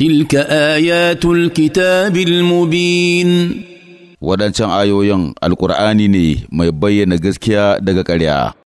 تلك آيات الكتاب المبين waɗancan ayoyin alƙur'ani ne mai bayyana gaskiya daga ƙarya